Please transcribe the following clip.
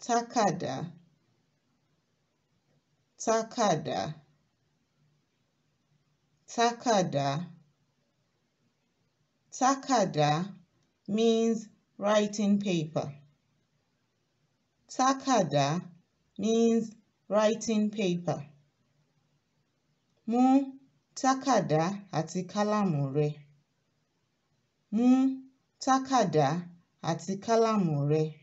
Takada. Takada. Takada. Takada means writing paper. Takada means writing paper. Mu takada ati kálámù rẹ. Mú tákàdá àti kálámù rẹ.